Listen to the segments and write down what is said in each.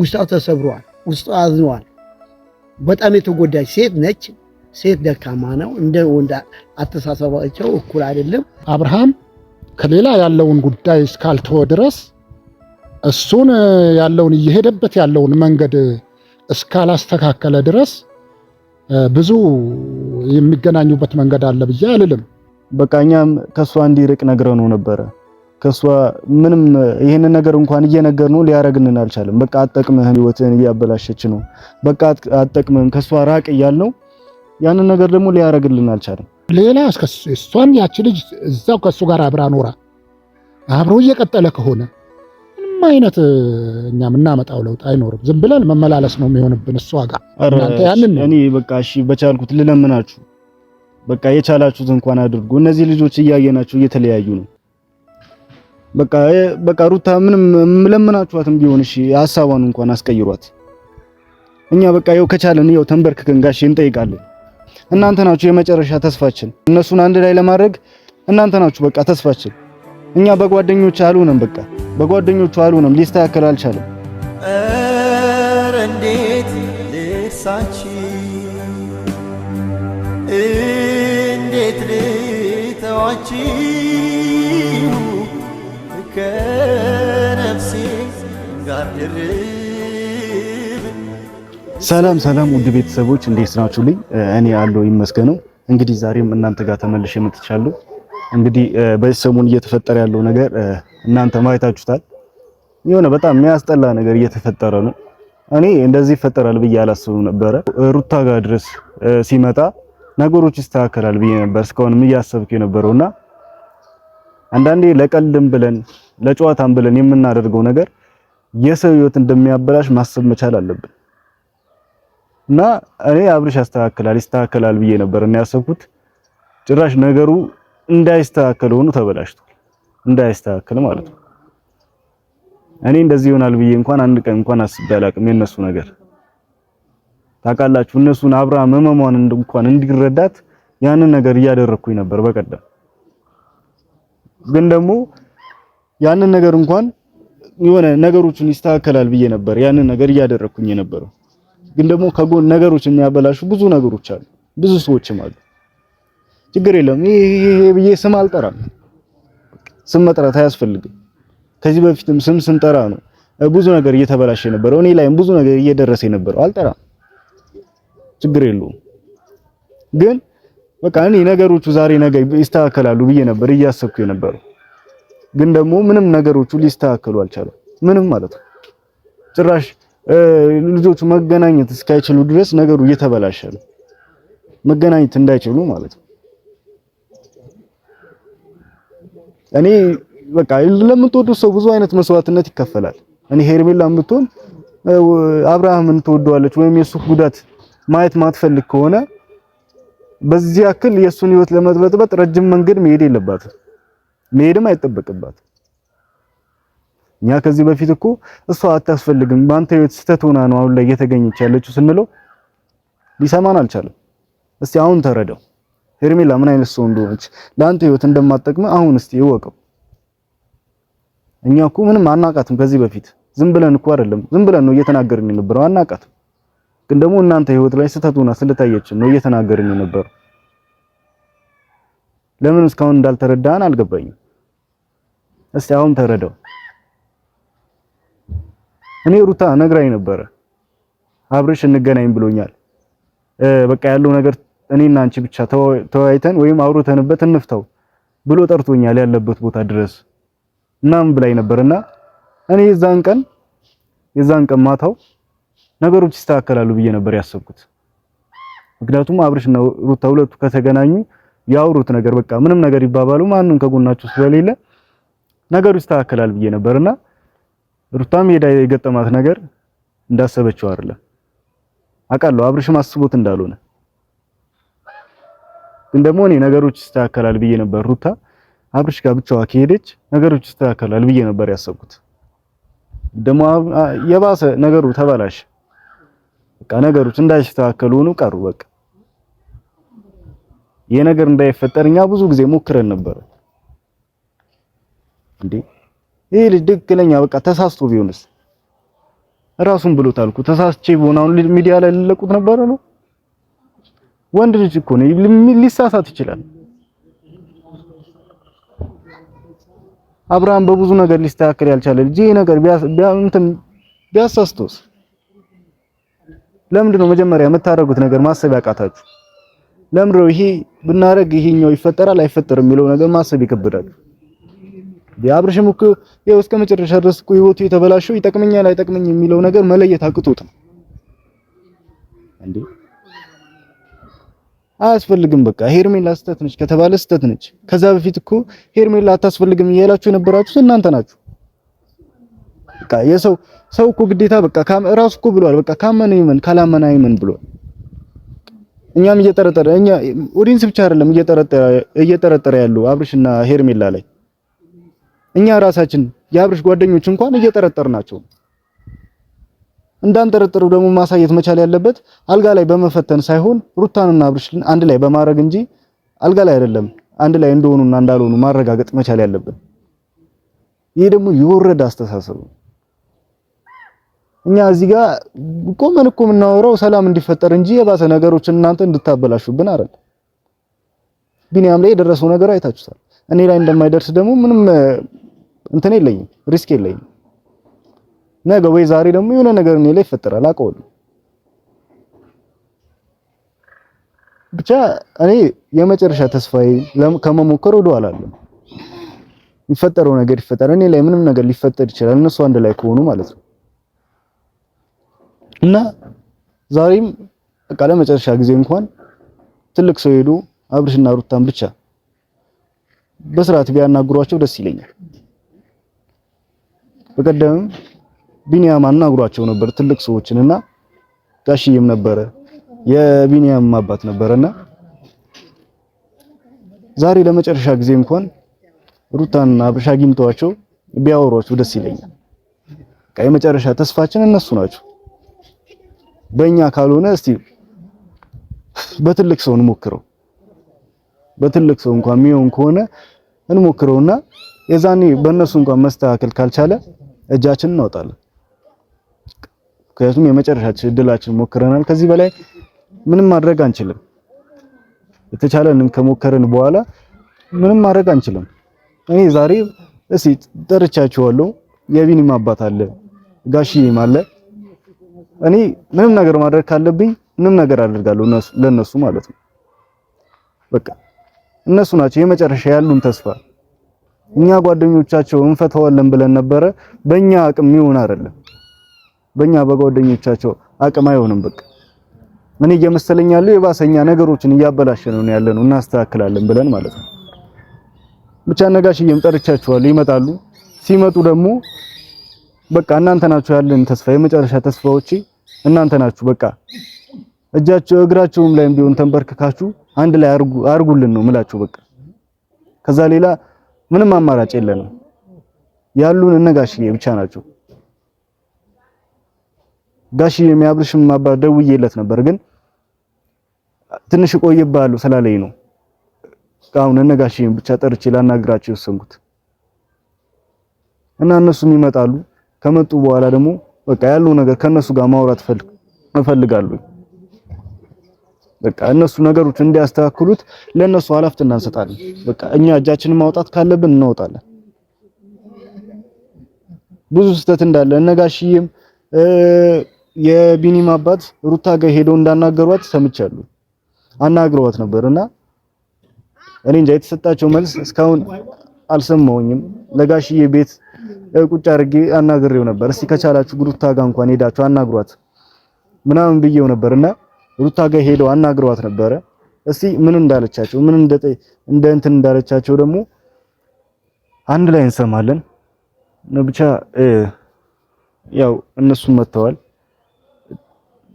ውስጧ ተሰብሯል፣ ውስጧ አዝኗል። በጣም የተጎዳች ሴት ነች። ሴት ደካማ ነው። እንደ ወንድ አተሳሰባቸው እኩል አይደለም። አብርሃም ከሌላ ያለውን ጉዳይ እስካልተወ ድረስ እሱን ያለውን እየሄደበት ያለውን መንገድ እስካላስተካከለ ድረስ ብዙ የሚገናኙበት መንገድ አለ ብዬ አልልም። በቃ እኛም ከእሷ እንዲርቅ ነግረነው ነበረ። ከሷ ምንም ይህንን ነገር እንኳን እየነገር ነው ሊያረግልን አልቻለም። በቃ አጠቅምህም፣ ህይወትን እያበላሸች ነው፣ በቃ አጠቅምህም፣ ከሷ ራቅ እያል ነው። ያንን ነገር ደግሞ ሊያረግልን አልቻለም። ሌላ እሷም ያች ልጅ እዛው ከሱ ጋር አብራ ኖራ አብሮ እየቀጠለ ከሆነ ምንም አይነት እኛ የምናመጣው ለውጥ አይኖርም። ዝም ብለን መመላለስ ነው የሚሆንብን እሷ ጋር። እኔ በቃ እሺ በቻልኩት ልለምናችሁ፣ በቃ የቻላችሁት እንኳን አድርጉ። እነዚህ ልጆች እያየናቸው እየተለያዩ ነው በቃ በቃ ሩታ ምንም ቢሆን እሺ ሀሳቧን እንኳን አስቀይሯት። እኛ በቃ ያው ከቻለን ያው ተንበርክከን ጋሼ እንጠይቃለን። እናንተ ናችሁ የመጨረሻ ተስፋችን። እነሱን አንድ ላይ ለማድረግ እናንተ ናችሁ በቃ ተስፋችን። እኛ በጓደኞች አልሆነም፣ በቃ በጓደኞቹ አልሆነም። ሊስተካከል አልቻለም። ኧረ እንዴት እንዴት ልተዋች ሰላም ሰላም፣ ውድ ቤተሰቦች እንዴት ናችሁልኝ? እኔ አለው ይመስገነው። እንግዲህ ዛሬም እናንተ ጋር ተመልሼ መጥቻለሁ። እንግዲህ በዚህ እየተፈጠረ ያለው ነገር እናንተ ማየታችሁታል። የሆነ በጣም የሚያስጠላ ነገር እየተፈጠረ ነው። እኔ እንደዚህ ይፈጠራል ብዬ አላስብም ነበረ። ሩታ ጋር ድረስ ሲመጣ ነገሮች ይስተካከላል ብዬ ነበር እስካሁንም እያሰብኩ የነበረውና አንዳንዴ ለቀልድም ብለን ለጨዋታም ብለን የምናደርገው ነገር የሰው ህይወት እንደሚያበላሽ ማሰብ መቻል አለብን። እና እኔ አብርሽ ያስተካክላል ይስተካከላል ብዬ ነበር እና ያሰብኩት ጭራሽ ነገሩ እንዳይስተካከል ሆኖ ተበላሽቷል። እንዳይስተካከል ማለት ነው። እኔ እንደዚህ ይሆናል ብዬ እንኳን አንድ ቀን እንኳን አስቤ አላቅም። የነሱ ነገር ታውቃላችሁ፣ እነሱን አብራ ህመሟን እንኳን እንዲረዳት ያንን ነገር እያደረኩኝ ነበር በቀደም ግን ደግሞ ያንን ነገር እንኳን የሆነ ነገሮችን ይስተካከላል ብዬ ነበር። ያንን ነገር እያደረኩኝ የነበረው ግን ደግሞ ከጎን ነገሮች የሚያበላሹ ብዙ ነገሮች አሉ፣ ብዙ ሰዎችም አሉ። ችግር የለም ይሄ ብዬ ስም አልጠራም። ስም መጥራት አያስፈልግም። ከዚህ በፊትም ስም ስንጠራ ነው ብዙ ነገር እየተበላሸ የነበረው እኔ ላይም ብዙ ነገር እየደረሰ የነበረው። አልጠራም፣ ችግር የለውም። ግን በቃ እኔ ነገሮቹ ዛሬ ነገ ይስተካከላሉ ብዬ ነበር እያሰብኩ የነበረው ግን ደግሞ ምንም ነገሮቹ ሊስተካከሉ አልቻለም። ምንም ማለት ነው። ጭራሽ ልጆቹ መገናኘት እስካይችሉ ድረስ ነገሩ እየተበላሸ ነው። መገናኘት እንዳይችሉ ማለት ነው። እኔ በቃ ለምትወዱት ሰው ብዙ አይነት መስዋዕትነት ይከፈላል። እኔ ሄርሜላም ብትሆን አብርሃምን ትወደዋለች ወይም የሱ ጉዳት ማየት ማትፈልግ ከሆነ በዚህ ያክል የሱን ህይወት ለመጥበጥበጥ ረጅም መንገድ መሄድ የለባትም። መሄድም አይጠበቅባት። እኛ ከዚህ በፊት እኮ እሷ አታስፈልግም በአንተ ህይወት ስህተት ሆና ነው አሁን ላይ እየተገኘች ያለችው ስንለው ሊሰማን አልቻለም። እስቲ አሁን ተረዳው ሄርሜላ ምን አይነት ሰው እንደሆነች ለአንተ ህይወት እንደማጠቅመ አሁን እስቲ ይወቀው እኛ እኮ ምንም አናቃትም ከዚህ በፊት ዝም ብለን እኮ አይደለም ዝም ብለን ነው እየተናገርን የነበረው አናቃትም። ግን ደግሞ እናንተ ህይወት ላይ ስህተት ሆና ስለታየችን ነው እየተናገርን የነበረው። ለምን እስካሁን እንዳልተረዳን አልገባኝም። እስቲ አሁን ተረዳው። እኔ ሩታ ነግራኝ ነበረ አብርሽ እንገናኝ ብሎኛል። በቃ ያለው ነገር እኔና አንቺ ብቻ ተወያይተን ወይም አውርተንበት እንፍታው ብሎ ጠርቶኛል ያለበት ቦታ ድረስ እናም ብላኝ ነበርና እኔ የዛን ቀን የዛን ቀን ማታው ነገሮች ይስተካከላሉ ብዬ ነበር ያሰብኩት። ምክንያቱም አብርሽና ሩታ ሁለቱ ከተገናኙ ያውሩት ነገር በቃ ምንም ነገር ይባባሉ፣ ማንም ከጎናቸው ስለሌለ ነገሩ ይስተካከላል ብዬ ነበርና ሩታም ሄዳ የገጠማት ነገር እንዳሰበችው አይደለም። አውቃለሁ አብርሽም አስቦት እንዳልሆነ ግን ደግሞ እኔ ነገሮች ይስተካከላል ብዬ ነበር። ሩታ አብርሽ ጋር ብቻዋ ከሄደች ነገሮች ይስተካከላል ብዬ ነበር ያሰብኩት። ደግሞ የባሰ ነገሩ ተበላሽ። በቃ ነገሮች እንዳይስተካከሉ ሆኖ ቀሩ በቃ ይሄ ነገር እንዳይፈጠር እኛ ብዙ ጊዜ ሞክረን ነበር። እንዴ ይሄ ልጅ ትክክለኛ በቃ ተሳስቶ ቢሆንስ ራሱን ብሎታል እኮ ተሳስቼ ቢሆን አሁን ሚዲያ ላይ ልለቁት ነበረ ነው። ወንድ ልጅ እኮ ነው ሊሳሳት ይችላል። አብርሃም በብዙ ነገር ሊስተካከል ያልቻለ ልጅ ይሄ ነገር ቢያንተም ቢያሳስቶስ ለምንድን ነው መጀመሪያ የምታደርጉት ነገር ማሰብ ያቃታችሁ? ለምንድነው ይሄ ብናረግ ይሄኛው ይፈጠራል አይፈጠርም የሚለው ነገር ማሰብ ይከብዳል። አብርሽም እኮ እስከ መጨረሻ ድረስ እኮ ህይወቱ የተበላሸው ይጠቅመኛል አይጠቅመኝ የሚለው ነገር መለየት አቅቶት ነው እንዴ። አያስፈልግም በቃ ሄርሜላ ስህተት ነች ከተባለ ስህተት ነች። ከዛ በፊት እኮ ሄርሜላ አታስፈልግም እያላችሁ የነበራችሁት እናንተ ናችሁ። በቃ የሰው ሰው እኮ ግዴታ በቃ ራሱ እኮ ብሏል። በቃ ካመነ ይመን ካላመነ አይመን ብሏል። እኛም እየጠረጠረ እኛ ኦዲንስ ብቻ አይደለም እየጠረጠረ እየጠረጠረ ያሉ አብርሽና ሄርሜላ ላይ እኛ ራሳችን የአብርሽ ጓደኞች እንኳን እየጠረጠር ናቸው። እንዳንጠረጠሩ ደግሞ ማሳየት መቻል ያለበት አልጋ ላይ በመፈተን ሳይሆን ሩታንና አብርሽን አንድ ላይ በማድረግ እንጂ አልጋ ላይ አይደለም አንድ ላይ እንደሆኑና እንዳልሆኑ ማረጋገጥ መቻል ያለበት። ይህ ደግሞ የወረደ አስተሳሰብ ነው። እኛ እዚህ ጋር ቆመን እኮ የምናወራው ሰላም እንዲፈጠር እንጂ የባሰ ነገሮችን እናንተ እንድታበላሹብን አይደል። ቢኒያም ላይ የደረሰው ነገር አይታችሁታል። እኔ ላይ እንደማይደርስ ደግሞ ምንም እንትን የለኝም፣ ሪስክ የለኝም። ነገ ወይ ዛሬ ደግሞ የሆነ ነገር እኔ ላይ ይፈጠራል፣ አውቀዋለሁ። ብቻ እኔ የመጨረሻ ተስፋዬ ከመሞከር ወደኋላ አላለሁ። የሚፈጠረው ነገር ይፈጠራል። እኔ ላይ ምንም ነገር ሊፈጠር ይችላል፣ እነሱ አንድ ላይ ከሆኑ ማለት ነው። እና ዛሬም በቃ ለመጨረሻ ጊዜ እንኳን ትልቅ ሰው ሄዶ አብርሽና ሩታን ብቻ በስርዓት ቢያናግሯቸው ደስ ይለኛል። በቀደምም ቢኒያም አናግሯቸው ነበር ትልቅ ሰዎችን እና ጋሽዬም ነበረ የቢኒያም አባት ነበረና ዛሬ ለመጨረሻ ጊዜ እንኳን ሩታንና አብርሽ አግኝተዋቸው ቢያወሯቸው ደስ ይለኛል። የመጨረሻ ተስፋችን እነሱ ናቸው። በእኛ ካልሆነ እስቲ በትልቅ ሰው እንሞክረው። በትልቅ ሰው እንኳን የሚሆን ከሆነ እንሞክረውና የዛኔ በእነሱ እንኳን መስተካከል ካልቻለ እጃችን እናወጣለን። ምክንያቱም የመጨረሻችን እድላችን ሞክረናል። ከዚህ በላይ ምንም ማድረግ አንችልም። የተቻለንም ከሞከረን በኋላ ምንም ማድረግ አንችልም። እኔ ዛሬ እስቲ ጠርቻችኋለሁ። የቢኒም አባት አለ ጋሽዬም አለ እኔ ምንም ነገር ማድረግ ካለብኝ ምንም ነገር አደርጋለሁ ለነሱ ማለት ነው። በቃ እነሱ ናቸው የመጨረሻ ያሉን ተስፋ። እኛ ጓደኞቻቸው እንፈተዋለን ብለን ነበረ። በእኛ አቅም ይሆን አይደለም፣ በእኛ በጓደኞቻቸው አቅም አይሆንም። በቃ እኔ እየመሰለኝ ያለው የባሰኛ ነገሮችን እያበላሸን ነው ያለነው፣ እናስተካክላለን ብለን ማለት ነው። ብቻ ነጋሽዬም ጠርቻችኋለሁ፣ ይመጣሉ። ሲመጡ ደግሞ በቃ እናንተ ናችሁ ያለን ተስፋ፣ የመጨረሻ ተስፋዎች እናንተ ናችሁ። በቃ እጃችሁ እግራችሁም ላይም ቢሆን ተንበርክካችሁ አንድ ላይ አርጉልን ነው ምላችሁ። በቃ ከዛ ሌላ ምንም አማራጭ የለንም። ያሉን እነጋሽዬ ብቻ ናቸው። ጋሽዬ የሚያብርሽም አባት ደውዬለት ነበር፣ ግን ትንሽ እቆይብሃለሁ ስላለኝ ነው አሁን እነጋሽዬን ብቻ ጠርቼ ላናግራቸው የወሰንኩት እና እነሱም ይመጣሉ። ከመጡ በኋላ ደግሞ በቃ ያለው ነገር ከነሱ ጋር ማውራት እፈልጋለሁ። በቃ እነሱ ነገሮች እንዲያስተካክሉት ለነሱ ኃላፊነት እንሰጣለን። በቃ እኛ እጃችንን ማውጣት ካለብን እናወጣለን። ብዙ ስህተት እንዳለ እነጋሽዬም የቢኒም አባት ሩታ ጋር ሄደው እንዳናገሯት ሰምቻለሁ። አናግረዋት ነበርና እኔ እንጃ የተሰጣቸው መልስ እስካሁን አልሰማውኝም። ለጋሽዬ ቤት ቁጭ አድርጌ አናግሬው ነበር። እስቲ ከቻላችሁ ሩታ ጋ እንኳን ሄዳችሁ አናግሯት ምናምን ብዬው ነበርና ሩታ ጋ ሄደው አናግሯት ነበረ። እስቲ ምን እንዳለቻቸው ምን እንደ እንደ እንትን እንዳለቻቸው ደግሞ አንድ ላይ እንሰማለን። ብቻ ያው እነሱም መጥተዋል።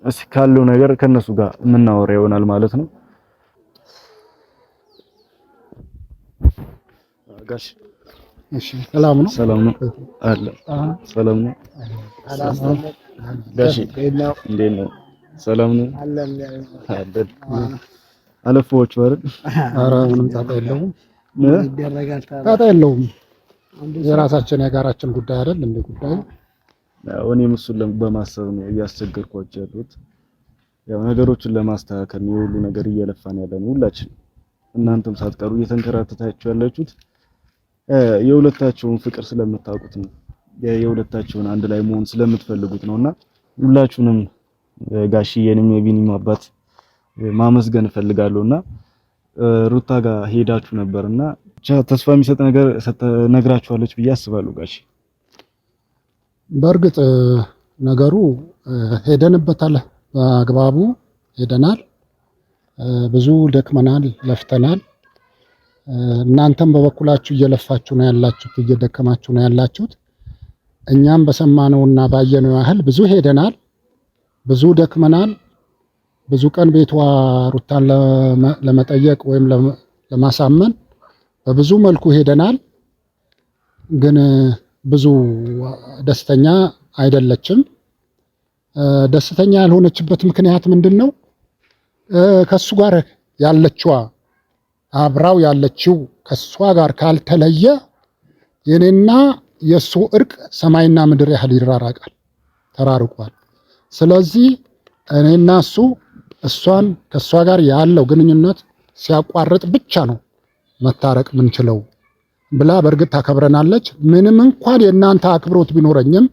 እስኪ ካለው ነገር ከነሱ ጋር የምናወራ ይሆናል ማለት ነው ጋሽ እሺ ሰላም ነው። ሰላም ነው አለ። ሰላም ነው። ጋሺ እንዴት ነው? ሰላም ነው አለ። አይደል? ኧረ ምንም ጣጣ የለውም። ጣጣ የለውም። የራሳችን የጋራችን ጉዳይ አይደል እንደ ጉዳዩ። እኔም እሱን በማሰብ ነው እያስቸገርኳቸው ያሉት። ያው ነገሮችን ለማስተካከል ነው የሁሉ ነገር እየለፋን ያለ ነው ሁላችን። እናንተም ሳትቀሩ እየተንከራተታችሁ ያላችሁት የሁለታቸውን ፍቅር ስለምታውቁት ነው። የሁለታቸውን አንድ ላይ መሆን ስለምትፈልጉት ነውና ሁላችሁንም ጋሽዬንም የቢኒም አባት ማመስገን እፈልጋለሁና ሩታ ጋር ሄዳችሁ ነበርና ተስፋ የሚሰጥ ነገር ነግራችኋለች ብዬ አስባለሁ። ጋሽ በእርግጥ ነገሩ ሄደንበታል፣ በአግባቡ ሄደናል፣ ብዙ ደክመናል፣ ለፍተናል። እናንተም በበኩላችሁ እየለፋችሁ ነው ያላችሁት፣ እየደከማችሁ ነው ያላችሁት። እኛም በሰማነውና ባየነው ያህል ብዙ ሄደናል፣ ብዙ ደክመናል። ብዙ ቀን ቤቷ ሩታን ለመጠየቅ ወይም ለማሳመን በብዙ መልኩ ሄደናል። ግን ብዙ ደስተኛ አይደለችም። ደስተኛ ያልሆነችበት ምክንያት ምንድን ነው? ከእሱ ጋር ያለችዋ አብራው ያለችው ከእሷ ጋር ካልተለየ የኔና የእሱ እርቅ ሰማይና ምድር ያህል ይራራቃል፣ ተራርቋል። ስለዚህ እኔና እሱ እሷን ከእሷ ጋር ያለው ግንኙነት ሲያቋርጥ ብቻ ነው መታረቅ ምንችለው ብላ በእርግጥ ታከብረናለች። ምንም እንኳን የእናንተ አክብሮት ቢኖረኝም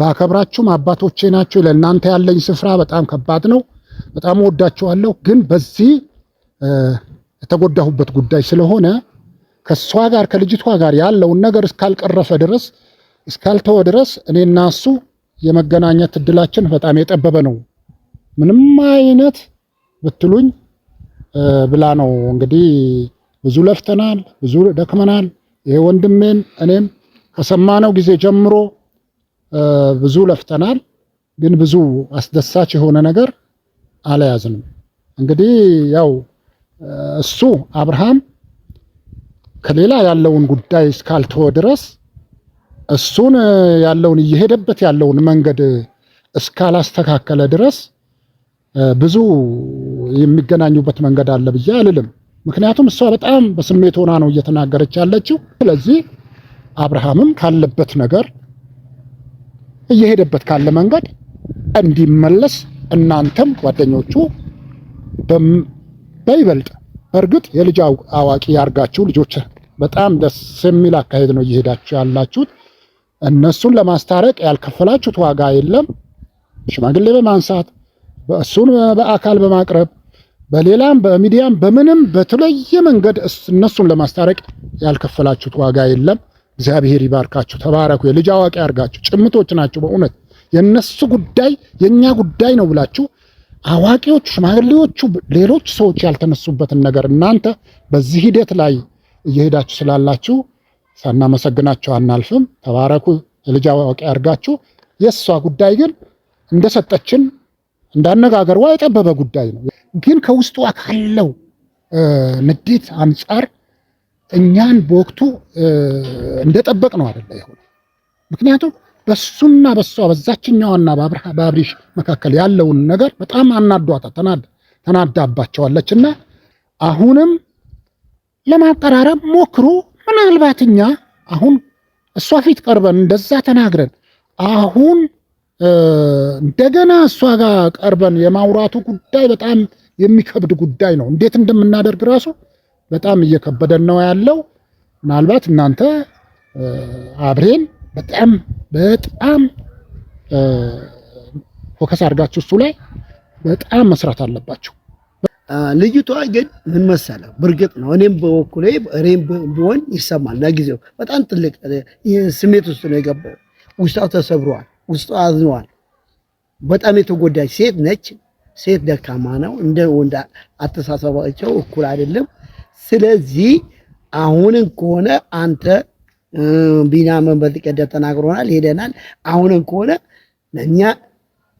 ባከብራችሁም አባቶቼ ናቸው። ለእናንተ ያለኝ ስፍራ በጣም ከባድ ነው። በጣም ወዳችኋለሁ። ግን በዚህ የተጎዳሁበት ጉዳይ ስለሆነ ከእሷ ጋር ከልጅቷ ጋር ያለውን ነገር እስካልቀረፈ ድረስ እስካልተወ ድረስ እኔና እሱ የመገናኘት እድላችን በጣም የጠበበ ነው። ምንም አይነት ብትሉኝ ብላ ነው እንግዲህ ብዙ ለፍተናል፣ ብዙ ደክመናል። ይሄ ወንድሜን እኔም ከሰማነው ጊዜ ጀምሮ ብዙ ለፍተናል፣ ግን ብዙ አስደሳች የሆነ ነገር አልያዝንም። እንግዲህ ያው እሱ አብርሃም ከሌላ ያለውን ጉዳይ እስካልተወ ድረስ እሱን ያለውን እየሄደበት ያለውን መንገድ እስካላስተካከለ ድረስ ብዙ የሚገናኙበት መንገድ አለ ብዬ አልልም። ምክንያቱም እሷ በጣም በስሜት ሆና ነው እየተናገረች ያለችው። ስለዚህ አብርሃምም ካለበት ነገር እየሄደበት ካለ መንገድ እንዲመለስ እናንተም ጓደኞቹ በይበልጥ በእርግጥ የልጅ አዋቂ ያርጋችሁ ልጆች። በጣም ደስ የሚል አካሄድ ነው እየሄዳችሁ ያላችሁት። እነሱን ለማስታረቅ ያልከፈላችሁት ዋጋ የለም። ሽማግሌ በማንሳት እሱን በአካል በማቅረብ በሌላም በሚዲያም በምንም በተለየ መንገድ እነሱን ለማስታረቅ ያልከፈላችሁት ዋጋ የለም። እግዚአብሔር ይባርካችሁ፣ ተባረኩ፣ የልጅ አዋቂ ያርጋችሁ። ጭምቶች ናቸው በእውነት የእነሱ ጉዳይ የእኛ ጉዳይ ነው ብላችሁ አዋቂዎቹ፣ ሽማግሌዎቹ፣ ሌሎች ሰዎች ያልተነሱበትን ነገር እናንተ በዚህ ሂደት ላይ እየሄዳችሁ ስላላችሁ ሳናመሰግናችሁ አናልፍም። ተባረኩ። የልጅ አዋቂ አድርጋችሁ። የእሷ ጉዳይ ግን እንደሰጠችን እንዳነጋገርዋ የጠበበ ጉዳይ ነው። ግን ከውስጧ ካለው ንዴት አንጻር እኛን በወቅቱ እንደጠበቅ ነው አደለ ይሆነ ምክንያቱም በሱና በሷ በዛችኛዋና በአብሪሽ መካከል ያለውን ነገር በጣም አናዷታ ተናዳባቸዋለች። እና አሁንም ለማቀራረብ ሞክሩ። ምናልባት እኛ አሁን እሷ ፊት ቀርበን እንደዛ ተናግረን አሁን እንደገና እሷ ጋር ቀርበን የማውራቱ ጉዳይ በጣም የሚከብድ ጉዳይ ነው። እንዴት እንደምናደርግ ራሱ በጣም እየከበደን ነው ያለው። ምናልባት እናንተ አብሬን በጣም በጣም ፎከስ አድርጋችሁ እሱ ላይ በጣም መስራት አለባችሁ። ልጅቷ ግን ምን መሰለ፣ በእርግጥ ነው እኔም በበኩሌ እኔም ቢሆን ይሰማል። ለጊዜው በጣም ትልቅ ስሜት ውስጥ ነው የገባው። ውስጧ ተሰብሯል፣ ውስጧ አዝኗል። በጣም የተጎዳች ሴት ነች። ሴት ደካማ ነው፣ እንደ ወንድ አተሳሰባቸው እኩል አይደለም። ስለዚህ አሁንም ከሆነ አንተ ቢናምን በልጥቀዳ ተናግሮናል፣ ሄደናል። አሁንም ከሆነ ለእኛ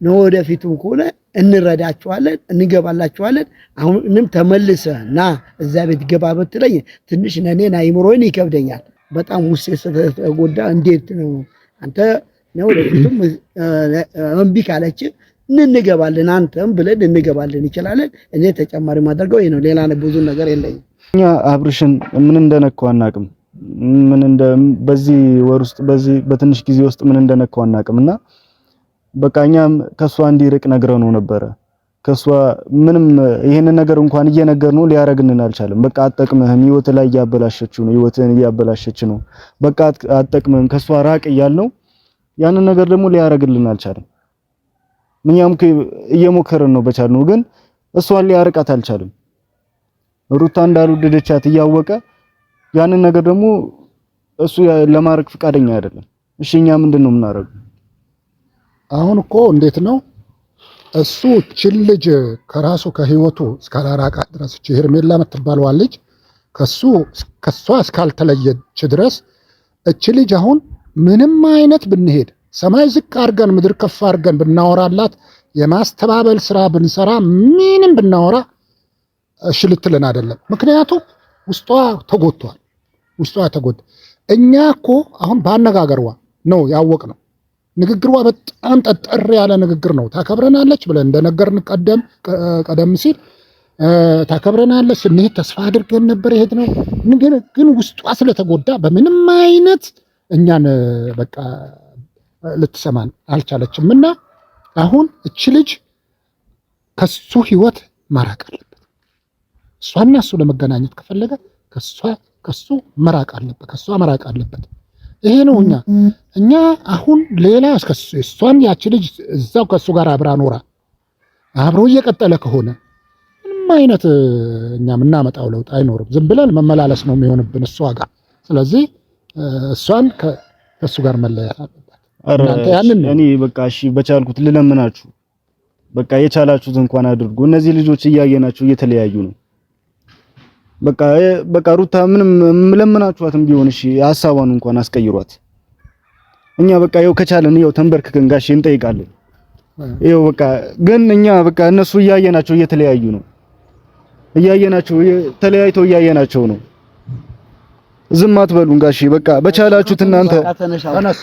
ለወደፊቱም ከሆነ እንረዳችኋለን፣ እንገባላችኋለን። አሁንም ተመልሰ ና እዛ ቤት ገባ ብትለኝ ትንሽ ነኔን አይምሮን ይከብደኛል። በጣም ውስጥ ስለተጎዳ እንዴት ነው አንተ ወደፊቱም እምቢ ካለች እንገባለን፣ አንተም ብለን እንገባለን ይችላለን። እኔ ተጨማሪ ማድረገው ይሄ ነው። ሌላ ብዙ ነገር የለኝም። እኛ አብርሽን ምን እንደነካው አናቅም። ምን እንደ በዚህ ወር ውስጥ በዚህ በትንሽ ጊዜ ውስጥ ምን እንደነካው አናውቅም እና በቃ እኛም ከሷ እንዲርቅ ነግረነው ነበረ። ከሷ ምንም ይሄንን ነገር እንኳን እየነገርነው ሊያረግልን አልቻለም። በቃ አጠቅምህም ህይወት ላይ እያበላሸችው ነው፣ ህይወትን እያበላሸች ነው። በቃ አጠቅምህም ከሷ ራቅ እያልነው ያንን ነገር ደግሞ ሊያረግልን አልቻለም። እኛም እየሞከረን ነው በቻልነው፣ ግን እሷን ሊያርቃት አልቻለም። ሩታ እንዳልወደደቻት እያወቀ ያንን ነገር ደግሞ እሱ ለማድረግ ፈቃደኛ አይደለም። እሺ እኛ ምንድን ነው የምናደርገው? አሁን እኮ እንዴት ነው እሱ እችን ልጅ ከራሱ ከህይወቱ እስካላራቃት ድረስ እች ሄርሜላ የምትባለዋ ልጅ ከሱ ከሷ እስካልተለየች ድረስ እች ልጅ አሁን ምንም አይነት ብንሄድ ሰማይ ዝቅ አድርገን ምድር ከፍ አድርገን ብናወራላት የማስተባበል ስራ ብንሰራ ምንም ብናወራ እሺ ልትልን አይደለም። ምክንያቱም ውስጧ ተጎቷል። ውስጧ ተጎዳ። እኛ እኮ አሁን በአነጋገሯ ነው ያወቅ ነው። ንግግሯ በጣም ጠጠር ያለ ንግግር ነው። ታከብረናለች ብለን እንደነገርን ቀደም ቀደም ሲል ታከብረናለች ስንሄድ ተስፋ አድርገን ነበር ይሄድ ነው። ግን ውስጧ ስለተጎዳ በምንም አይነት እኛን በቃ ልትሰማን አልቻለችም። እና አሁን እች ልጅ ከሱ ህይወት ማራቅ አለበት። እሷና እሱ ለመገናኘት ከፈለገ ከእሷ ከሱ መራቅ አለበት፣ ከሷ መራቅ አለበት። ይሄ ነው እኛ እኛ አሁን ሌላ እሷን ያቺ ልጅ እዛው ከሱ ጋር አብራ ኖራ አብሮ እየቀጠለ ከሆነ ምንም አይነት እኛ የምናመጣው ለውጥ አይኖርም። ዝም ብለን መመላለስ ነው የሚሆንብን እሷ ጋር። ስለዚህ እሷን ከእሱ ጋር መለያት አለባት። እኔ በቃ እሺ በቻልኩት ልለምናችሁ፣ በቃ የቻላችሁት እንኳን አድርጉ። እነዚህ ልጆች እያየናቸው እየተለያዩ ነው በቃ በቃ ሩታ ምንም ለምናችኋትም ቢሆን እሺ ሀሳቧን እንኳን አስቀይሯት። እኛ በቃ ይኸው ከቻለን ይኸው ተንበርክከን ጋሼ እንጠይቃለን። ይኸው በቃ ግን እኛ በቃ እነሱ እያየናቸው እየተለያዩ ነው እያየናቸው ተለያይተው እያየናቸው ነው። ዝም አትበሉን ጋሼ በቃ በቻላችሁት እናንተ ተነስ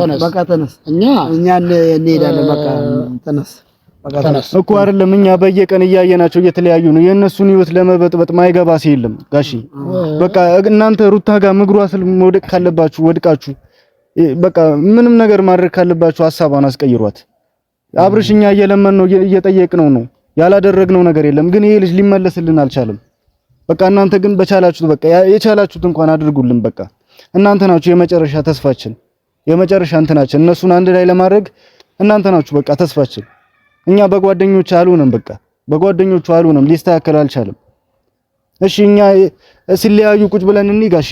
ተነስ፣ በቃ ተነስ፣ እኛ እኛ እንሄዳለን። በቃ ተነስ እኮ አይደለም እኛ በየቀን እያየናቸው እየተለያዩ ነው። የእነሱን ህይወት ለመበጥበጥ ማይገባ ሰው የለም። ጋሺ በቃ እናንተ ሩታ ጋር ምግሯ ስል መውደቅ ካለባችሁ ወድቃችሁ፣ በቃ ምንም ነገር ማድረግ ካለባችሁ ሀሳቧን አስቀይሯት። አብርሽ እኛ እየለመን ነው እየጠየቅነው ነው ያላደረግነው ነገር የለም። ግን ይሄ ልጅ ሊመለስልን አልቻለም። በቃ እናንተ ግን በቻላችሁት በቃ የቻላችሁት እንኳን አድርጉልን። በቃ እናንተ ናችሁ የመጨረሻ ተስፋችን፣ የመጨረሻ እንትናችን። እነሱን አንድ ላይ ለማድረግ እናንተ ናችሁ በቃ ተስፋችን። እኛ በጓደኞች አልሆነም። በቃ በጓደኞቹ አልሆነም፣ ሊስተካከል አልቻለም። እሺ እኛ ሲለያዩ ቁጭ ብለን እንይ ጋሺ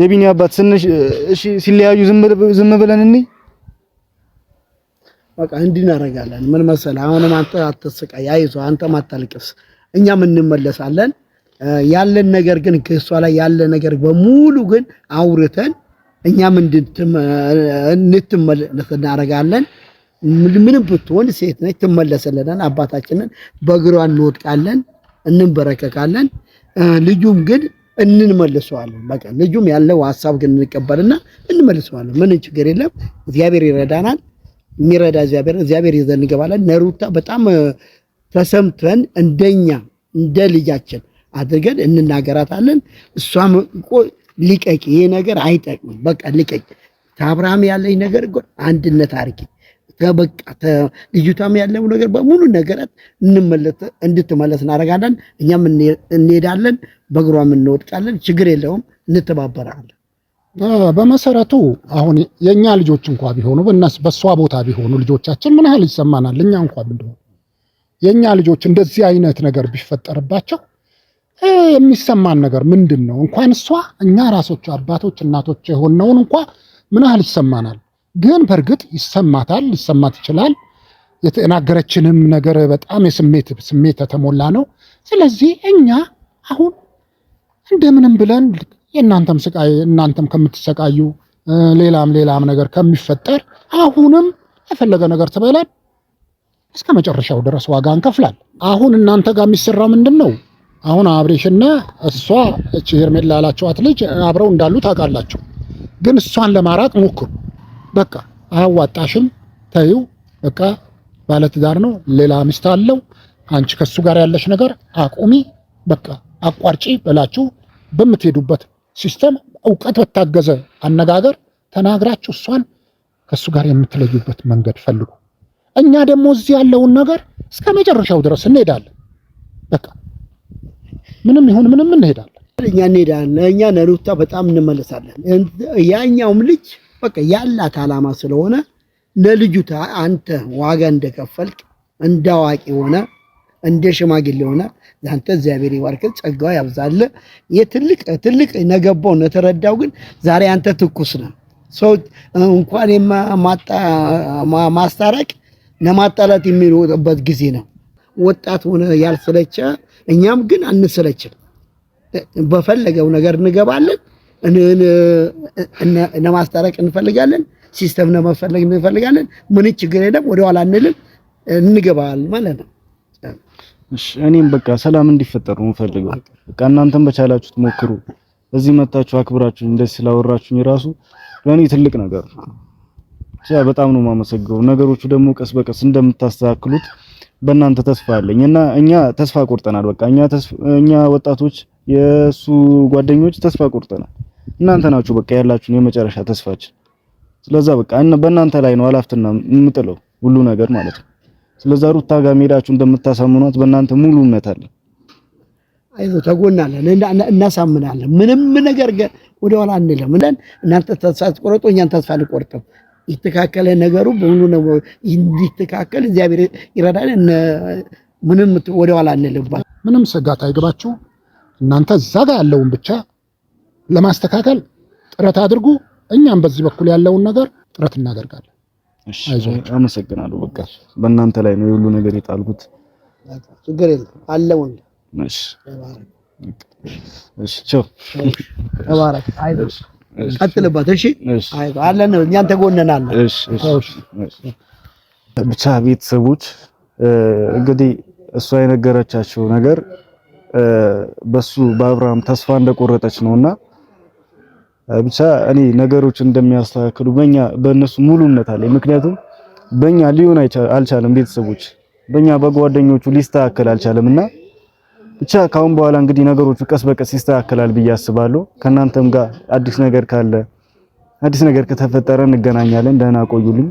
የቢኒ አባት ስንሽ እሺ፣ ሲለያዩ ዝም ብለን እንይ በቃ እንዲህ እናደርጋለን። ምን መሰለህ፣ አሁንም አንተ አትስቃይ፣ አይዞህ፣ አንተም አታልቅስ፣ እኛም እንመለሳለን። ያለን ነገር ግን ከሷ ላይ ያለ ነገር በሙሉ ግን አውርተን እኛም እንድትመለስ እናደርጋለን። ምንም ብትሆን ሴት ነች፣ ትመለስልናል። አባታችንን በእግሯ እንወድቃለን፣ እንንበረከካለን። ልጁም ግን እንንመልሰዋለን። በቃ ልጁም ያለው ሀሳብ ግን እንቀበልና እንመልሰዋለን። ምን ችግር የለም። እግዚአብሔር ይረዳናል። የሚረዳ እግዚአብሔር እግዚአብሔር ይዘን እንገባለን። ነሩታ በጣም ተሰምተን እንደኛ እንደ ልጃችን አድርገን እንናገራታለን። እሷም እኮ ልቀቂ፣ ይሄ ነገር አይጠቅምም፣ በቃ ልቀቂ፣ ከአብርሃም ያለኝ ነገር አንድነት አድርጊ በቃ ልጅቷም ያለው ነገር በሙሉ ነገራት እንድትመለስ እናደርጋለን። እኛም እንሄዳለን፣ በእግሯም እንወድቃለን። ችግር የለውም፣ እንተባበራለን። በመሰረቱ አሁን የእኛ ልጆች እንኳ ቢሆኑ በእሷ ቦታ ቢሆኑ ልጆቻችን ምን ያህል ይሰማናል? እኛ እንኳ ብንሆን የእኛ ልጆች እንደዚህ አይነት ነገር ቢፈጠርባቸው የሚሰማን ነገር ምንድን ነው? እንኳን እሷ እኛ ራሶች አባቶች እናቶች የሆነውን እንኳ ምን ያህል ይሰማናል? ግን በእርግጥ ይሰማታል፣ ሊሰማት ይችላል። የተናገረችንም ነገር በጣም የስሜት ስሜት የተሞላ ነው። ስለዚህ እኛ አሁን እንደምንም ብለን የእናንተም ስቃይ እናንተም ከምትሰቃዩ ሌላም ሌላም ነገር ከሚፈጠር አሁንም የፈለገ ነገር ትበላል እስከ መጨረሻው ድረስ ዋጋ እንከፍላል። አሁን እናንተ ጋር የሚሰራ ምንድን ነው? አሁን አብሬሽና እሷ ሄርሜላ ያላቸዋት ልጅ አብረው እንዳሉ ታውቃላችሁ። ግን እሷን ለማራቅ ሞክሩ። በቃ አያዋጣሽም፣ ተይው በቃ ባለትዳር ነው፣ ሌላ ሚስት አለው፣ አንቺ ከሱ ጋር ያለሽ ነገር አቁሚ፣ በቃ አቋርጪ ብላችሁ በምትሄዱበት ሲስተም እውቀት በታገዘ አነጋገር ተናግራችሁ እሷን ከሱ ጋር የምትለዩበት መንገድ ፈልጉ። እኛ ደግሞ እዚህ ያለውን ነገር እስከ መጨረሻው ድረስ እንሄዳለን። በቃ ምንም ይሁን ምንም እንሄዳለን። እኛ እንሄዳለን። እኛ ነሩታ በጣም እንመለሳለን። ያኛውም ልጅ በቃ ያላት አላማ ስለሆነ ለልጁ አንተ ዋጋ እንደከፈልክ እንዳዋቂ ሆነ እንደ ሽማግሌ ሆነ አንተ እግዚአብሔር ይባርክ፣ ጸጋው ያብዛል። የትልቅ ትልቅ ነገባውን የተረዳው ግን ዛሬ አንተ ትኩስ ነው። ሰው እንኳን ማስታረቅ ለማጣላት የሚሮጥበት ጊዜ ነው። ወጣት ሆነ ያልሰለቸ፣ እኛም ግን አንሰለችም። በፈለገው ነገር እንገባለን። ለማስታረቅ እንፈልጋለን፣ ሲስተም ለመፈለግ እንፈልጋለን። ምን ችግር የለም፣ ወደኋላ እንልም፣ እንገባል ማለት ነው። እኔም በቃ ሰላም እንዲፈጠሩ ነው በቃ እናንተም በቻላችሁት ሞክሩ። እዚህ መታችሁ አክብራችሁ እንደዚህ ስላወራችሁኝ ራሱ ለእኔ ትልቅ ነገር ያ በጣም ነው የማመሰግነው። ነገሮቹ ደግሞ ቀስ በቀስ እንደምታስተካክሉት በእናንተ ተስፋ አለኝ እና እኛ ተስፋ ቆርጠናል። በቃ እኛ ወጣቶች የእሱ ጓደኞች ተስፋ ቆርጠናል። እናንተ ናችሁ በቃ ያላችሁን የመጨረሻ ተስፋችን። ስለዛ በቃ በእናንተ ላይ ነው አላፍትና የምጥለው ሁሉ ነገር ማለት ነው። ስለዛ ሩታ ጋር ሄዳችሁ እንደምታሳምኗት በእናንተ ሙሉ እምነት አለ። አይዞህ ተጎናለን፣ እናሳምናለን። ምንም ነገር ወደ ኋላ አንልም። እናንተ ተስፋ ትቆረጡ፣ እኛን ተስፋ አልቆርጥም። ይተካከለ ነገሩ በሙሉ ነው እንዲተካከል እግዚአብሔር ይረዳል። ምንም ወደ ኋላ አንልባል። ምንም ስጋት አይግባችሁ እናንተ እዛ ጋር ያለውን ብቻ ለማስተካከል ጥረት አድርጉ። እኛም በዚህ በኩል ያለውን ነገር ጥረት እናደርጋለን። አመሰግናለሁ። በቃ በእናንተ ላይ ነው የሁሉ ነገር የጣልኩት። ችግር የለም ብቻ ቤተሰቦች እንግዲህ እሷ የነገረቻቸው ነገር በሱ በአብርሃም ተስፋ እንደቆረጠች ነውና ብቻ እኔ ነገሮች እንደሚያስተካክሉ በእኛ በእነሱ ሙሉነት አለ። ምክንያቱም በእኛ ሊሆን አልቻለም፣ ቤተሰቦች በእኛ በጓደኞቹ ሊስተካከል አልቻለም። እና ብቻ ካሁን በኋላ እንግዲህ ነገሮቹ ቀስ በቀስ ይስተካከላል ብዬ አስባለሁ። ከእናንተም ጋር አዲስ ነገር ካለ አዲስ ነገር ከተፈጠረ እንገናኛለን። ደህና ቆዩልኝ።